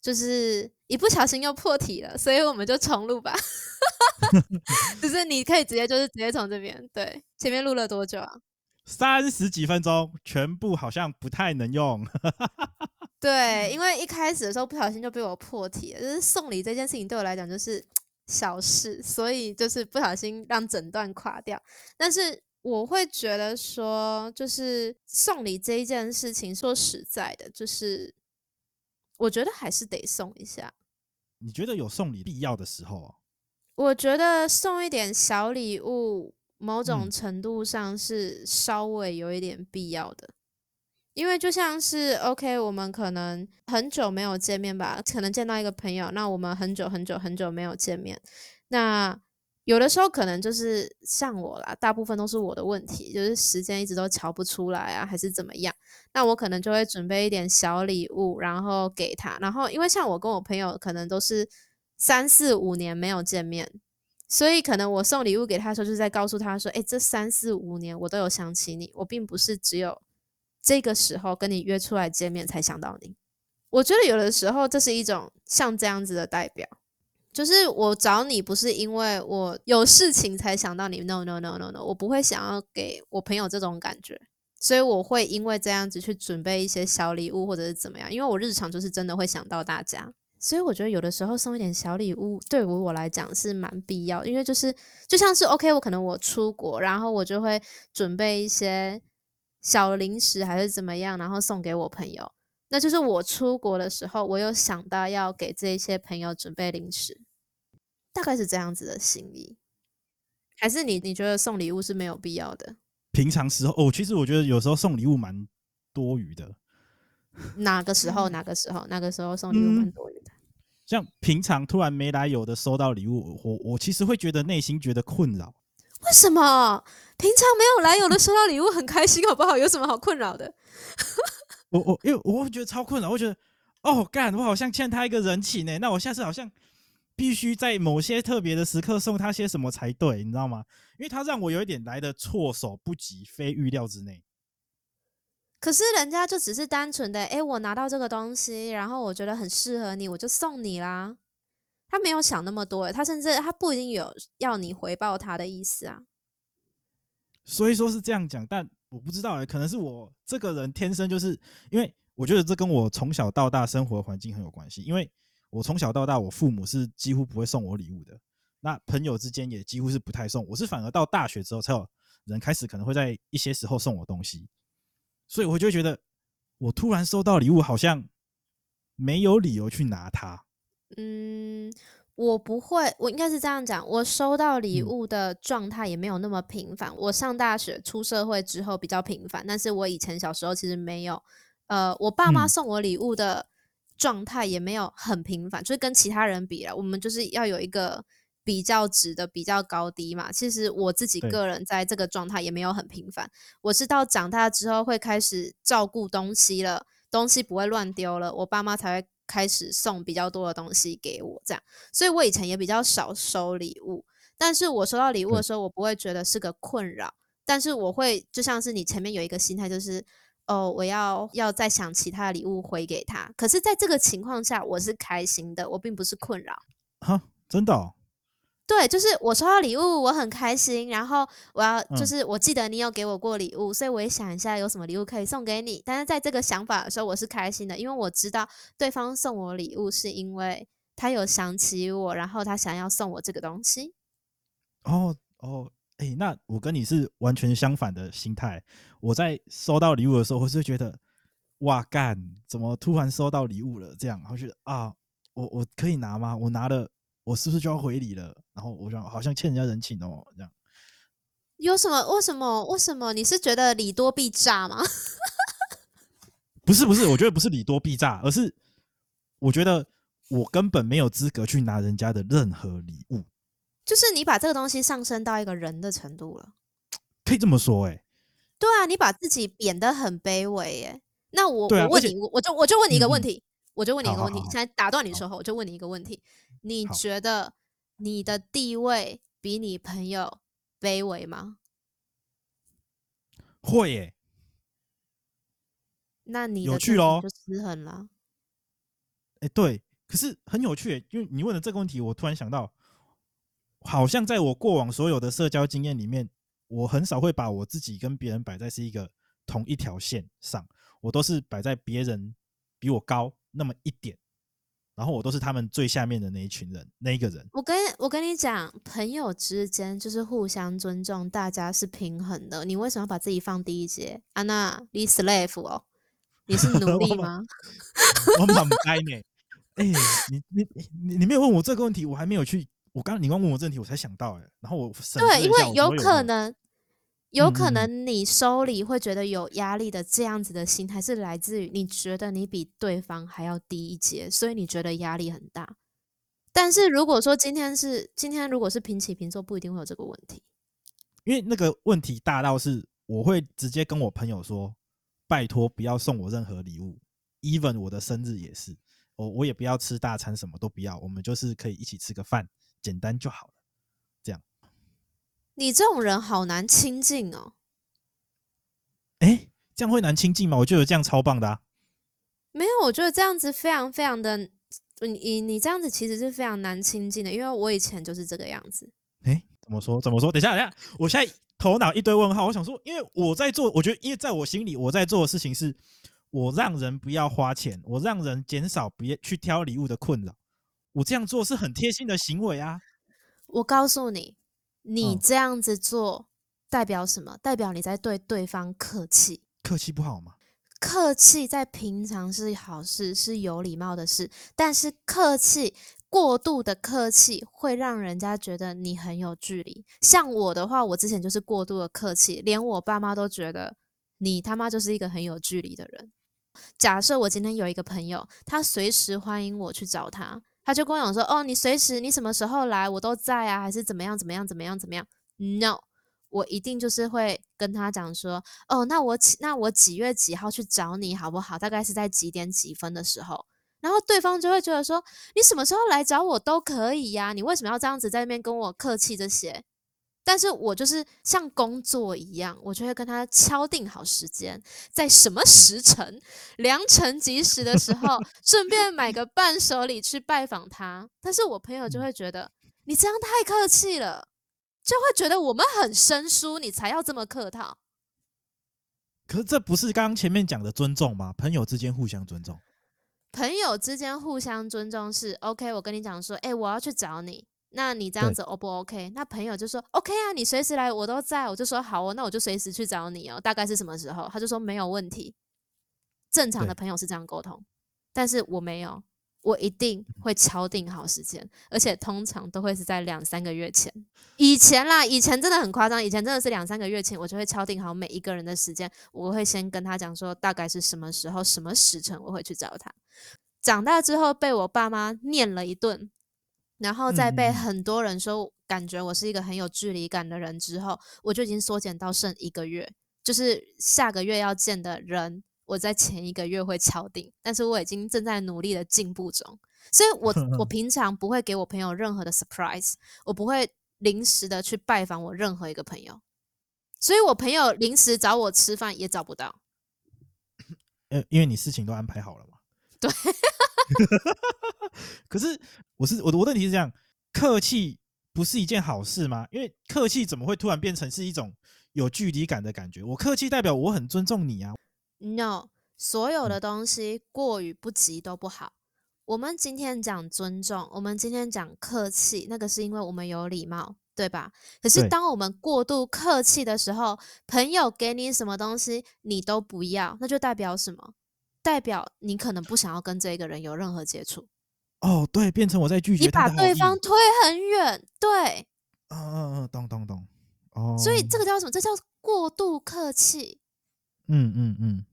就是一不小心又破題了，所以我們就重錄吧。只 是你可以直接就是直接從這邊對前面錄了多久啊？三十幾分鐘，全部好像不太能用。 對，因為一開始的時候不小心就被我破題了。就是送禮這件事情對我來講就是小事，所以就是不小心讓整段垮掉。但是我會覺得說，就是送禮這一件事情，說實在的，就是。我覺得還是得送一下。你覺得有送禮必要的時候哦？我覺得送一點小禮物，某種程度上是稍微有一點必要的。嗯。因為就像是，OK，我們可能很久沒有見面吧，可能見到一個朋友，那我們很久很久很久沒有見面，那。有的時候可能就是像我啦，大部分都是我的問題，就是時間一直都瞧不出來啊，還是怎麼樣？那我可能就會準備一點小禮物，然後給他，然後因為像我跟我朋友可能都是三四五年沒有見面，所以可能我送禮物給他的時候，就是在告訴他說，誒，這三四五年我都有想起你，我並不是只有這個時候跟你約出來見面才想到你。我覺得有的時候這是一種像這樣子的代表。就是我找你不是因為我有事情才想到你，no no no no no，我不會想要給我朋友這種感覺，所以我會因為這樣子去準備一些小禮物或者是怎麼樣，因為我日常就是真的會想到大家，所以我覺得有的時候送一點小禮物對於我來講是蠻必要，因為就是就像是 OK，我可能我出國，然後我就會準備一些小零食還是怎麼樣，然後送給我朋友。那就是我出國的時候，我有想到要給這些朋友準備零食，大概是這樣子的心意，還是你你覺得送禮物是沒有必要的？平常時候、哦，其實我覺得有時候送禮物蠻多餘的。哪個時候？哪個時候？那、嗯、個時候送禮物蠻多餘的，嗯？像平常突然沒來由的收到禮物，我我其實會覺得內心覺得困擾。為什麼？平常沒有來由的收到禮物很開心，好不好？有什麼好困擾的？ 我我因為我覺得超困擾，我覺得哦，幹，我好像欠他一個人情呢。那我下次好像必須在某些特別的時刻送他些什麼才對，你知道嗎？因為他讓我有一點來得措手不及，非預料之內。可是人家就只是單純的，哎、欸，我拿到這個東西，然後我覺得很適合你，我就送你啦。他沒有想那麼多，他甚至他不一定有要你回報他的意思啊。所以說是這樣講，但。我不知道誒、欸，可能是我這個人天生就是，因為我覺得這跟我從小到大生活環境很有關係。因為我從小到大，我父母是幾乎不會送我禮物的，那朋友之間也幾乎是不太送。我是反而到大學之後，才有人開始可能會在一些時候送我東西，所以我就覺得我突然收到禮物，好像沒有理由去拿它。嗯。我不會，我應該是這樣講，我收到禮物的狀態也沒有那麼頻繁。嗯、我上大學、出社會之後比較頻繁，但是我以前小時候其實沒有。呃，我爸媽送我禮物的狀態也沒有很頻繁，嗯、就是跟其他人比了，我們就是要有一個比較值的比較高低嘛。其實我自己個人在這個狀態也沒有很頻繁，對我是到長大之後會開始照顧東西了，東西不會亂丟了，我爸媽才會。開始送比較多的東西給我，這樣，所以我以前也比較少收禮物。但是我收到禮物的時候，我不會覺得是個困擾，嗯，但是我會就像是你前面有一個心態，就是哦，我要要再想其他的禮物回給他。可是在這個情況下，我是開心的，我並不是困擾。哈，真的哦？對，就是我收到禮物，我很開心。然後我要就是我記得你有給我過禮物，嗯、所以我也想一下有什麼禮物可以送給你。但是在這個想法的時候，我是開心的，因為我知道對方送我禮物是因為他有想起我，然後他想要送我這個東西。哦哦，誒、哦欸，那我跟你是完全相反的心態。我在收到禮物的時候，我是覺得哇幹，怎麼突然收到禮物了？這樣，然後覺得啊，我我可以拿嗎？我拿了，我是不是就要回禮了？然後我想好像欠人家人情哦，這樣有什麼？為什麼？為什麼？你是覺得禮多必詐嗎？ 不是，不是，我覺得不是禮多必詐，而是我覺得我根本沒有資格去拿人家的任何禮物。就是你把這個東西上升到一個人的程度了，可以這麼說、欸？哎，對啊，你把自己貶得很卑微、欸，哎，那我、啊、我問你，且我就我就問你一個問題，我就問你一個問題。現在打斷你的時候，我就問你一個問題：你覺得？你的地位比你朋友卑微嗎？會耶。那你的有趣囉，就失衡了。哎，對，可是很有趣，欸，因為你問了這個問題，我突然想到，好像在我過往所有的社交經驗裡面，我很少會把我自己跟別人擺在是一個同一條線上，我都是擺在別人比我高那麼一點。然後我都是他們最下面的那一群人，那一個人。我跟我跟你講，朋友之間就是互相尊重，大家是平衡的。你為什麼要把自己放低一截？安、啊、娜，你是 slave 哦、 欸，你是奴隸嗎？我蠻乖的。你你你你沒有問我這個問題，我還沒有去。我剛你剛問我這個問題，我才想到、欸、然後我對，因為有可能。有可能你收禮會覺得有壓力的，這樣子的心態是來自於你覺得你比對方還要低一階，所以你覺得壓力很大。但是如果說今天是今天，如果是平起平坐，不一定會有這個問題。因為那個問題大到是，我會直接跟我朋友說：“拜託，不要送我任何禮物，even 我的生日也是，我我也不要吃大餐，什麼都不要，我們就是可以一起吃個飯，簡單就好了。”你這種人好難親近哦！哎、欸，這樣會難親近嗎？我覺得這樣超棒的、啊。沒有，我覺得這樣子非常非常的，你你你這樣子其實是非常難親近的，因為我以前就是這個樣子。哎、欸，怎麼說？怎麼說？等一下，等一下，我現在頭腦一堆問號。我想說，因為我在做，我覺得，因為在我心裡，我在做的事情是，我讓人不要花錢，我讓人減少別去挑禮物的困擾，我這樣做是很貼心的行為啊。我告訴你。你這樣子做代表什麼？嗯，代表你在對對方客氣，客氣不好嗎？客氣在平常是好事，是有禮貌的事。但是客氣過度的客氣，會讓人家覺得你很有距離。像我的話，我之前就是過度的客氣，連我爸媽都覺得你他媽就是一個很有距離的人。假設我今天有一個朋友，他隨時歡迎我去找他。他就跟我講說，哦，你隨時，你什麼時候來，我都在啊，還是怎麼樣怎麼樣怎麼樣怎麼樣？No，我一定就是會跟他講說，哦，那我幾，那我幾月幾號去找你好不好？大概是在幾點幾分的時候，然後對方就會覺得說，你什麼時候來找我都可以呀，啊，你為什麼要這樣子在那邊跟我客氣這些？但是我就是像工作一樣，我就會跟他敲定好時間，在什麼時辰、良辰吉時的時候，順 便買個伴手禮去拜訪他。但是我朋友就會覺得、嗯、你這樣太客氣了，就會覺得我們很生疏，你才要這麼客套。可是這不是剛剛前面講的尊重嗎？朋友之間互相尊重，朋友之間互相尊重是 OK。我跟你講說，哎、欸，我要去找你。那你這樣子 OK 不 OK？對那朋友就說 OK 啊，你隨時來，我都在。我就說好哦，那我就隨時去找你哦。大概是什麼時候？他就說沒有問題。正常的朋友是這樣溝通，對但是我沒有，我一定會敲定好時間，而且通常都會是在兩三個月前。以前啦，以前真的很誇張，以前真的是兩三個月前，我就會敲定好每一個人的時間，我會先跟他講說大概是什麼時候、什麼時辰我會去找他。長大之後被我爸媽念了一頓。然後在被很多人說感覺我是一個很有距離感的人之後，我就已經縮減到剩一個月，就是下個月要見的人，我在前一個月會敲定。但是我已經正在努力的進步中，所以我 我平常不會給我朋友任何的 surprise，我不會臨時的去拜訪我任何一個朋友，所以我朋友臨時找我吃飯也找不到。呃，因為你事情都安排好了嘛。對， 可是我是我，我的問題是這樣：客氣不是一件好事嗎？因為客氣怎麼會突然變成是一種有距離感的感覺？我客氣代表我很尊重你啊。No，所有的東西過與不及都不好。嗯、我們今天講尊重，我們今天講客氣，那個是因為我們有禮貌，對吧？可是當我們過度客氣的時候，對朋友給你什麼東西你都不要，那就代表什麼？代表你可能不想要跟這個人有任何接觸哦，對，變成我在拒絕你，把對方推很遠，對，嗯嗯嗯，懂懂懂，哦，所以這個叫什麼？這叫過度客氣。嗯嗯嗯，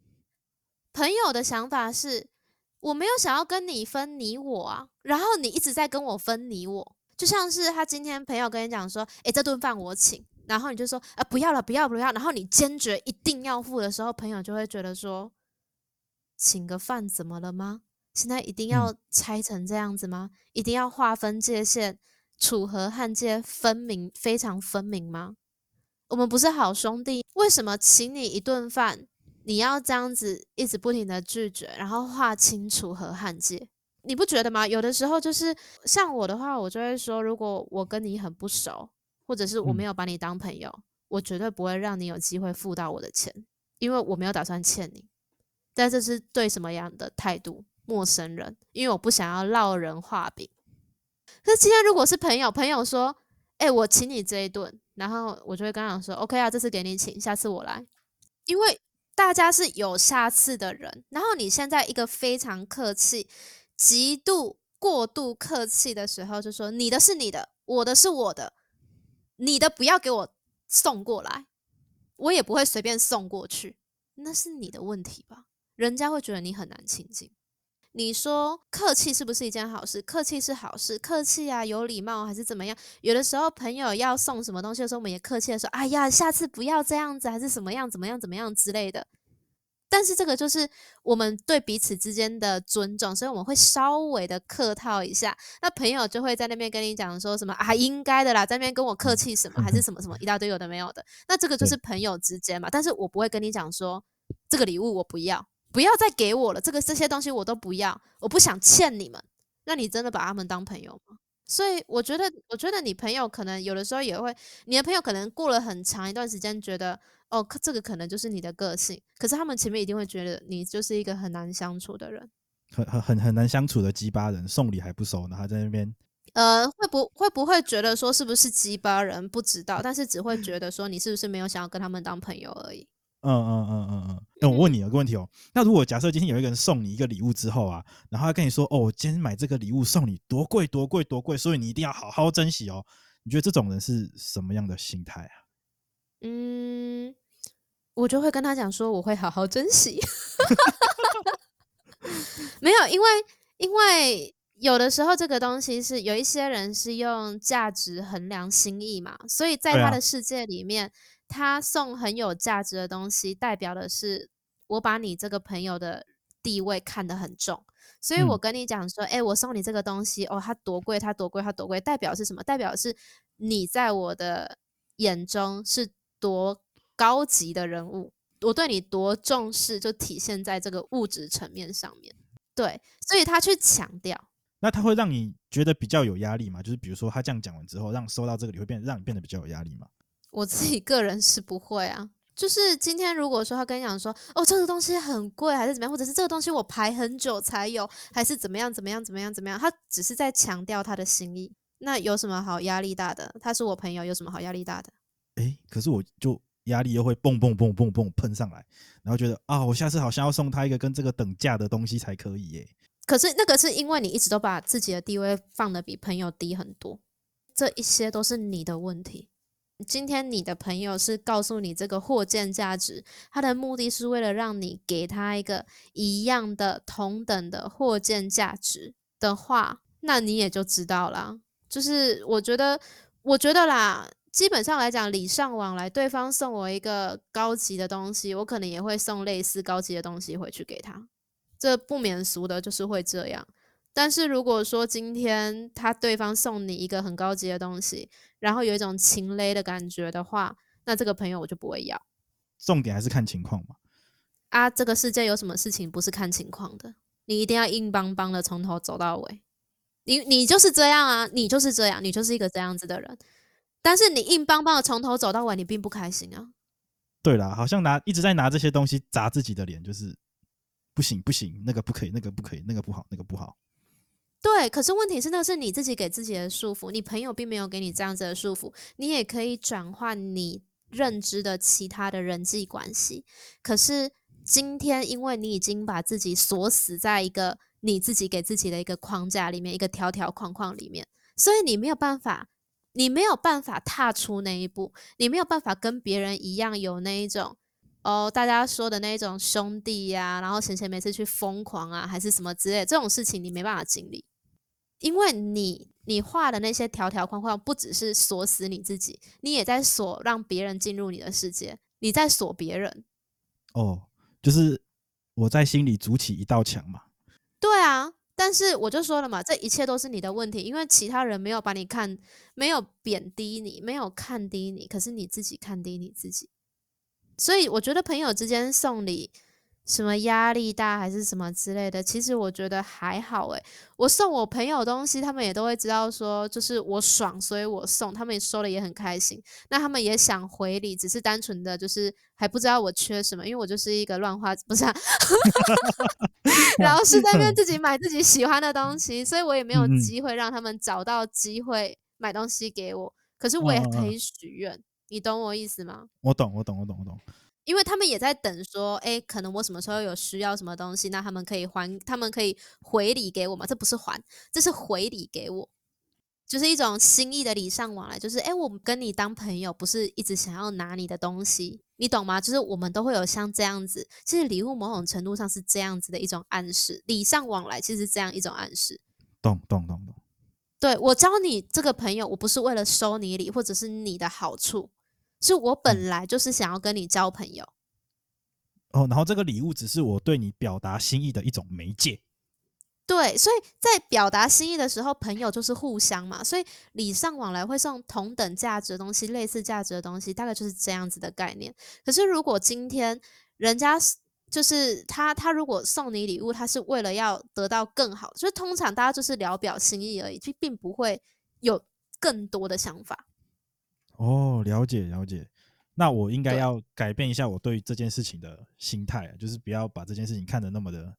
朋友的想法是，我沒有想要跟你分你我啊，然後你一直在跟我分你我，就像是他今天朋友跟你講說，欸，這頓飯我請，然後你就說，啊，不要了，不要不要，然後你堅決一定要付的時候，朋友就會覺得說，請個飯怎麼了嗎？現在一定要拆成這樣子嗎？一定要劃分界限，楚河漢界分明，非常分明嗎？我們不是好兄弟，為什麼請你一頓飯，你要這樣子一直不停的拒絕，然後劃清楚河漢界？你不覺得嗎？有的時候就是像我的話，我就會說，如果我跟你很不熟，或者是我沒有把你當朋友，我絕對不會讓你有機會付到我的錢，因為我沒有打算欠你。但這是對什麼樣的態度？陌生人，因為我不想要落人話柄。那今天如果是朋友，朋友說：“哎、欸，我請你這一頓。”然後我就會跟他說：“OK 啊，這次給你請，下次我來。”因為大家是有下次的人。然後你現在一個非常客氣、極度過度客氣的時候，就說：“你的，是你的；我的，是我的。你的不要給我送過來，我也不會隨便送過去。那是你的問題吧。”人家會覺得你很難親近。你說客氣是不是一件好事？客氣是好事，客氣啊，有禮貌還是怎麼樣？有的時候朋友要送什麼東西的時候，我們也客氣的說：“哎呀，下次不要這樣子，還是什麼樣，怎麼樣，怎麼樣之類的。”但是這個就是我們對彼此之間的尊重，所以我們會稍微的客套一下。那朋友就會在那邊跟你講說什麼啊，應該的啦，在那邊跟我客氣什麼還是什麼什麼一大堆有的沒有的。那這個就是朋友之間嘛，但是我不會跟你講說這個禮物我不要。不要再給我了，這個這些東西我都不要，我不想欠你們。那你真的把他們當朋友嗎？所以我覺得，我覺得你朋友可能有的時候也會，你的朋友可能過了很長一段時間，覺得哦，這個可能就是你的個性。可是他們前面一定會覺得你就是一個很難相處的人，很很很難相處的雞巴人，送禮還不熟呢，還在那邊，呃，會不會不會覺得說是不是雞巴人不知道，但是只會覺得說你是不是沒有想要跟他們當朋友而已。嗯嗯嗯嗯嗯，那、嗯嗯嗯嗯、我問你一個問題哦。嗯、那如果假設今天有一個人送你一個禮物之後啊，然後他跟你說：“哦，我今天買這個禮物送你，多貴多貴多貴，所以你一定要好好珍惜哦。”你覺得這種人是什麼樣的心態啊？嗯，我就會跟他講說，我會好好珍惜。 沒有，因為因為有的時候這個東西是有一些人是用價值衡量心意嘛，所以在他的世界裡面。他送很有價值的東西，代表的是我把你這個朋友的地位看得很重，所以我跟你講說，哎、嗯，欸，我送你這個東西，哦，它多貴，它多貴，它多貴，代表是什麼？代表是你在我的眼中是多高級的人物，我對你多重視，就體現在這個物質層面上面。對，所以他去強調、嗯，那他會讓你覺得比較有壓力嗎？就是比如說他這樣講完之後，讓收到這個你會變，讓你變得比較有壓力嗎？我自己個人是不會啊，就是今天如果說他跟你講說哦，這個東西很貴，還是怎麼樣，或者是這個東西我排很久才有，還是怎麼樣，怎麼樣，怎麼樣，怎麼樣，他只是在強調他的心意，那有什麼好壓力大的？他是我朋友，有什麼好壓力大的？哎、欸，可是我就壓力又會蹦蹦蹦蹦蹦噴上來，然後覺得啊，我下次好像要送他一個跟這個等價的東西才可以耶，欸。可是那個是因為你一直都把自己的地位放得比朋友低很多，這一些都是你的問題。今天你的朋友是告訴你這個貨件價值，他的目的是為了讓你給他一個一樣的、同等的貨件價值的話，那你也就知道啦，就是我覺得，我覺得啦，基本上來講，禮尚往來，對方送我一個高級的東西，我可能也會送類似高級的東西回去給他，這不免俗的，就是會這樣。但是如果說今天他對方送你一個很高級的東西，然後有一種情勒的感覺的話，那這個朋友我就不會要。重點還是看情況嘛。啊，這個世界有什麼事情不是看情況的？你一定要硬邦邦的從頭走到尾。你你就是這樣啊，你就是這樣，你就是一個這樣子的人。但是你硬邦邦的從頭走到尾，你並不開心啊。對啦，好像拿一直在拿這些東西砸自己的臉，就是不行不行，那個不可以，那個不可以，那個不好，那個不好。對，可是問題是那是你自己給自己的束縛，你朋友並沒有給你這樣子的束縛，你也可以轉換你認知的其他的人際關係。可是今天因為你已經把自己鎖死在一個你自己給自己的一個框架裡面，一個條條框框裡面，所以你沒有辦法，你沒有辦法踏出那一步，你沒有辦法跟別人一樣有那一種。哦，oh, 大家說的那種兄弟呀、啊，然後錢錢每次去瘋狂啊，還是什麼之類這種事情，你沒辦法經歷，因為你你畫的那些條條框框，不只是鎖死你自己，你也在鎖讓別人進入你的世界，你在鎖別人。哦，oh, 就是我在心裡築起一道牆嘛。對啊，但是我就說了嘛，這一切都是你的問題，因為其他人沒有把你看，沒有貶低你，沒有看低你，可是你自己看低你自己。.所以我覺得朋友之間送禮，什麼壓力大還是什麼之類的，其實我覺得還好誒、欸，我送我朋友東西，他們也都會知道，說就是我爽，所以我送，他們也收了也很開心。那他們也想回禮，只是單純的就是還不知道我缺什麼，因為我就是一個亂花，不是、啊， 然後是在那邊自己買自己喜歡的東西，所以我也沒有機會讓他們找到機會買東西給我。嗯嗯，可是我也可以許願。你懂我意思嗎？我懂，我懂，我懂，我懂。因為他們也在等，說，哎，可能我什麼時候有需要什麼東西，那他們可以還，他們可以回禮給我嘛。這不是還，這是回禮給我，就是一種心意的禮尚往來。就是，哎，我們跟你當朋友，不是一直想要拿你的東西，你懂嗎？就是我們都會有像這樣子，其實禮物某種程度上是這樣子的一種暗示，禮尚往來其實這樣一種暗示。懂，懂，懂，懂。對，我交你這個朋友，我不是為了收你禮，或者是你的好處。是我本來就是想要跟你交朋友，嗯、哦，然後這個禮物只是我對你表達心意的一種媒介。對，所以在表達心意的時候，朋友就是互相嘛，所以禮尚往來會送同等價值的東西，類似價值的東西，大概就是這樣子的概念。可是如果今天人家就是他，他如果送你禮物，他是為了要得到更好，就是、通常大家就是聊表心意而已，就並不會有更多的想法。哦，了解，了解，那我應該要改變一下我對於這件事情的心態，對就是不要把這件事情看得那麼的。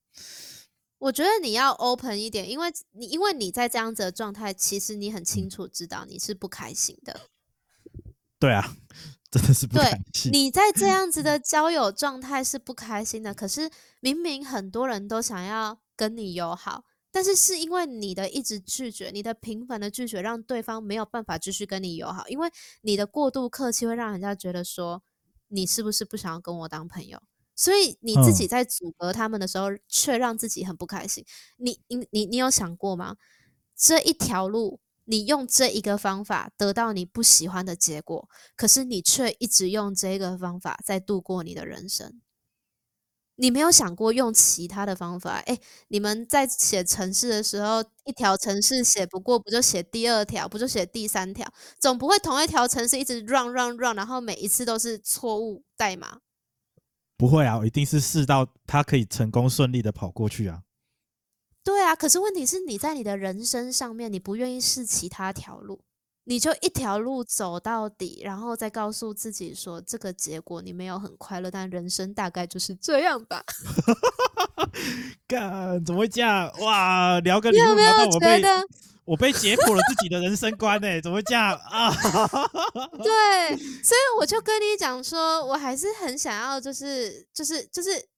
我覺得你要 open 一點，因為你因為你在這樣子的狀態，其實你很清楚知道你是不開心的。嗯、對啊，真的是不開心。你在這樣子的交友狀態是不開心的， 可是明明很多人都想要跟你友好。但是是因為你的一直拒絕，你的頻繁的拒絕，讓對方沒有辦法繼續跟你友好。因為你的過度客氣，會讓人家覺得說你是不是不想要跟我當朋友？所以你自己在阻隔他們的時候，卻、哦、讓自己很不開心。你你你你有想過嗎？這一條路，你用這一個方法得到你不喜歡的結果，可是你卻一直用這一個方法在度過你的人生。你沒有想過用其他的方法？哎、欸，你們在寫程式的時候，一條程式寫不過，不就寫第二條，不就寫第三條？總不會同一條程式一直 run run run，然後每一次都是錯誤代碼？不會啊，我一定是試到它可以成功順利的跑過去啊。對啊，可是問題是，你在你的人生上面，你不願意試其他條路。你就一條路走到底，然後再告訴自己說，這個結果你沒有很快樂，但人生大概就是這樣吧。幹， 怎麼會這樣？哇，聊個離婚聊到我被，有沒有覺得我被解剖了自己的人生觀呢、欸？ 怎麼會這樣啊？ 對，所以我就跟你講說，我還是很想要，就是，就是就是就是。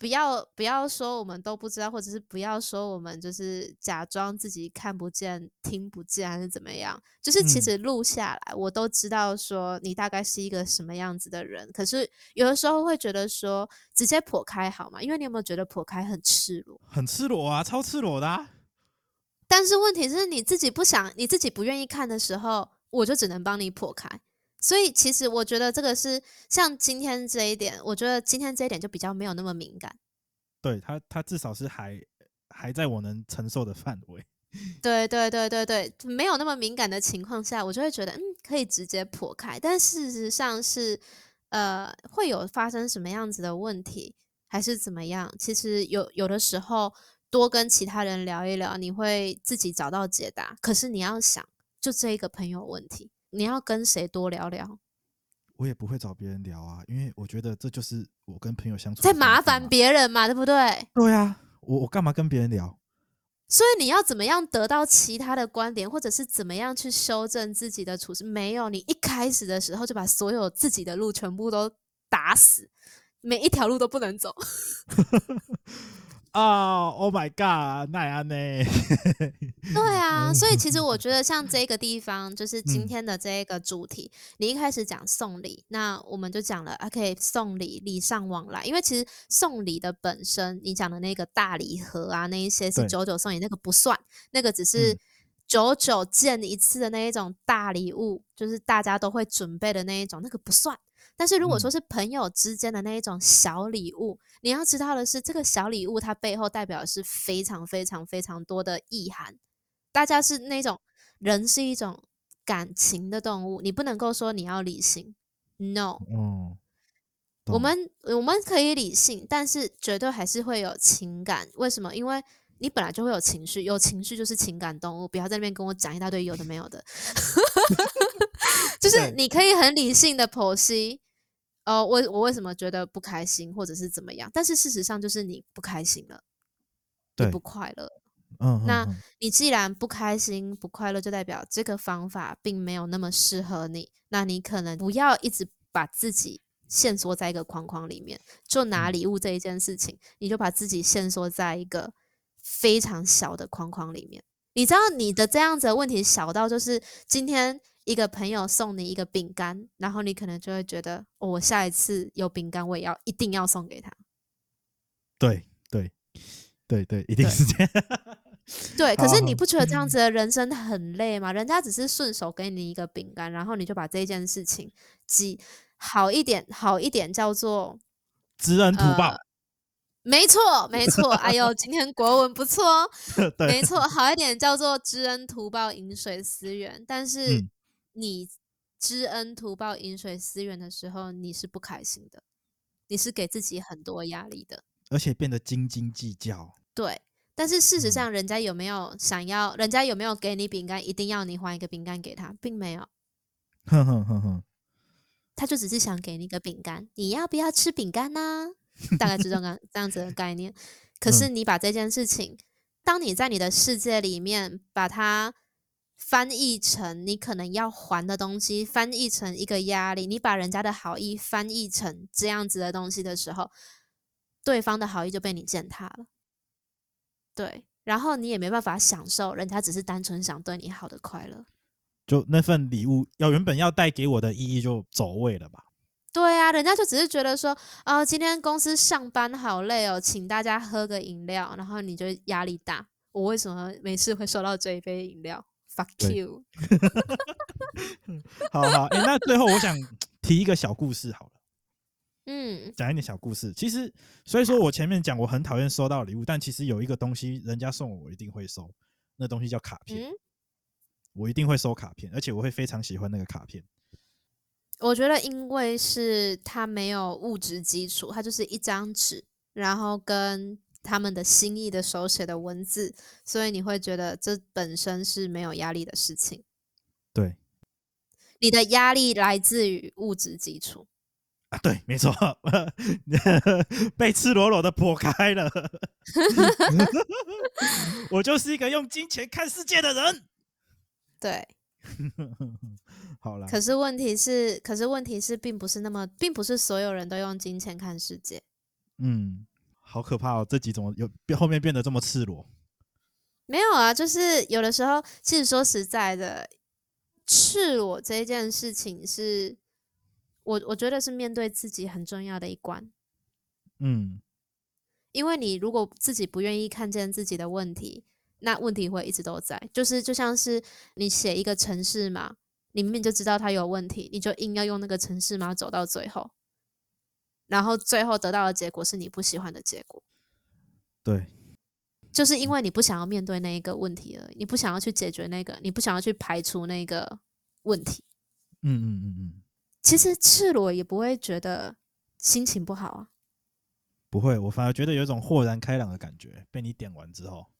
不要不要說我們都不知道，或者是不要說我們就是假裝自己看不見、聽不見還是怎麼樣。就是其實錄下來，嗯，我都知道說你大概是一個什麼樣子的人。可是有的時候會覺得說直接剖開好嗎？因為你有沒有覺得剖開很赤裸？很赤裸啊，超赤裸的啊。但是問題是你自己不想、你自己不願意看的時候，我就只能幫你剖開。所以其實我覺得這個是像今天這一點，我覺得今天這一點就比較沒有那麼敏感。對他，他至少是還還在我能承受的範圍。 對對對對對，沒有那麼敏感的情況下，我就會覺得嗯，可以直接剖開。但事實上是，呃，會有發生什麼樣子的問題，還是怎麼樣？其實有有的時候多跟其他人聊一聊，你會自己找到解答。可是你要想，就這一個朋友問題。你要跟誰多聊聊？我也不會找別人聊啊，因為我覺得這就是我跟朋友相處，啊，在麻煩別人嘛，對不對？對呀，啊，我我幹嘛跟別人聊？所以你要怎麼樣得到其他的觀點，或者是怎麼樣去修正自己的處事？沒有，你一開始的時候就把所有自己的路全部都打死，每一條路都不能走。 啊 oh，Oh my God，奈安呢？ 對啊，所以其實我覺得像這個地方，就是今天的這個主題，嗯、你一開始講送禮，那我們就講了，它、啊、可以送禮，禮尚往來。因為其實送禮的本身，你講的那個大禮盒啊，那一些是九九送禮，那個不算，對那個只是、嗯。久久見一次的那一種大禮物，就是大家都會準備的那一種，那個不算。但是如果說是朋友之間的那一種小禮物，嗯，你要知道的是，這個小禮物它背後代表的是非常非常非常多的意涵。大家是那種，人是一種感情的動物，你不能夠說你要理性，no。嗯，我們我們可以理性，但是絕對還是會有情感。為什麼？因為你本來就會有情緒，有情緒就是情感動物，不要在那邊跟我講一大堆有的沒有的， 就是你可以很理性的剖析，對呃，我我為什麼覺得不開心或者是怎麼樣？但是事實上就是你不開心了，你對不快樂，嗯，那嗯你既然不開心、嗯、不快樂，就代表這個方法並沒有那麼適合你，那你可能不要一直把自己限縮在一個框框裡面。就拿禮物這一件事情，嗯、你就把自己限縮在一個。非常小的框框裡面，你知道你的這樣子的問題小到就是今天一個朋友送你一個餅乾，然後你可能就會覺得，哦，我下一次有餅乾我也要一定要送給他。對對對對，一定是這樣。對，可是你不覺得這樣子的人生很累嗎？人家只是順手給你一個餅乾，然後你就把這件事情記好一點好一點，好一點好一點叫做知恩圖報。沒錯，沒錯。哎呦，今天國文不錯哦。 對 沒錯，好一點叫做知恩圖報、飲水思源。但是你知恩圖報、飲水思源的時候，你是不開心的，你是給自己很多壓力的，而且變得斤斤計較。對，但是事實上，人家有沒有想要？人家有沒有給你餅乾，一定要你還一個餅乾給他，並沒有。哼哼哼哼，他就只是想給你一個餅乾，你要不要吃餅乾呢？ 大概就是這樣子的概念，可是你把這件事情，當你在你的世界裡面把它翻譯成你可能要還的東西，翻譯成一個壓力，你把人家的好意翻譯成這樣子的東西的時候，對方的好意就被你踐踏了。對，然後你也沒辦法享受人家只是單純想對你好的快樂。就那份禮物要原本要帶給我的意義就走位了吧。對啊，人家就只是覺得說，哦、呃，今天公司上班好累哦，請大家喝個飲料，然後你就壓力大。我為什麼每次會收到這一杯飲料？Fuck you！好好，欸，那最後我想提一個小故事好了。嗯， 講一點小故事。其實，雖然說我前面講我很討厭收到禮物，但其實有一個東西，人家送我我一定會收，那東西叫卡片，嗯、我一定會收卡片，而且我會非常喜歡那個卡片。我覺得，因為是他沒有物質基礎，他就是一張紙，然後跟他們的心意的手寫的文字，所以你會覺得這本身是沒有壓力的事情。對，你的壓力來自於物質基礎啊？對，沒錯， 被赤裸裸的剖開了。 我就是一個用金錢看世界的人。對。好了，可是問題是，可是問題是，並不是那麼，並不是所有人都用金錢看世界。嗯，好可怕哦，這集怎麼有，後面變得這麼赤裸？沒有啊，就是有的時候，其實說實在的，赤裸這一件事情是我，我覺得是面對自己很重要的一關。嗯，因為你如果自己不願意看見自己的問題，那問題會一直都在。就是就像是你寫一個程式嘛。你明明就知道他有問題，你就硬要用那個程式碼走到最後，然後最後得到的結果是你不喜歡的結果。對，就是因為你不想要面對那一個問題了，你不想要去解決那個，你不想要去排除那個問題。嗯嗯嗯嗯。其實赤裸也不會覺得心情不好啊，不會，我反而覺得有一種豁然開朗的感覺。被你點完之後，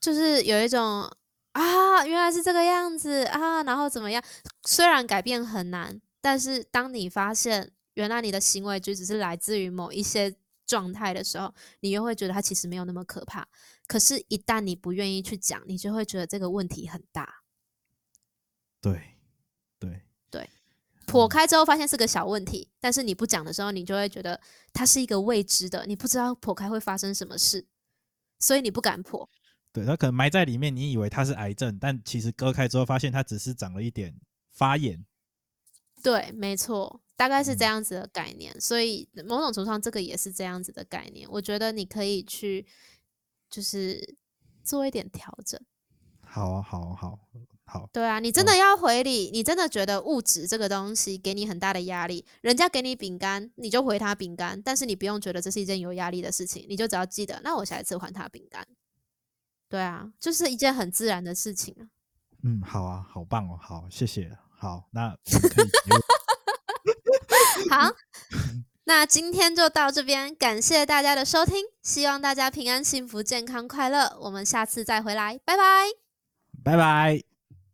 就是有一種。啊，原來是這個樣子啊！然後怎麼樣？雖然改變很難，但是當你發現原來你的行為舉止是來自於某一些狀態的時候，你又會覺得它其實沒有那麼可怕。可是，一旦你不願意去講，你就會覺得這個問題很大。對，對，對，剖開之後發現是個小問題，但是你不講的時候，你就會覺得它是一個未知的，你不知道剖開會發生什麼事，所以你不敢剖。對，他可能埋在裡面，你以為他是癌症，但其實割開之後發現他只是長了一點發炎。對，沒錯，大概是這樣子的概念。嗯。所以某種程度上，這個也是這樣子的概念。我覺得你可以去，就是做一點調整。好啊。好啊，好，好，好。對啊，你真的要回禮，哦。你真的覺得物質這個東西給你很大的壓力，人家給你餅乾，你就回他餅乾，但是你不用覺得這是一件有壓力的事情，你就只要記得，那我下一次還他餅乾。對啊，就是一件很自然的事情啊。嗯，好啊，好棒哦，好，謝謝，好，那 好，那今天就到這邊，感謝大家的收聽，希望大家平安、幸福、健康、快樂，我們下次再回來，拜拜，拜拜。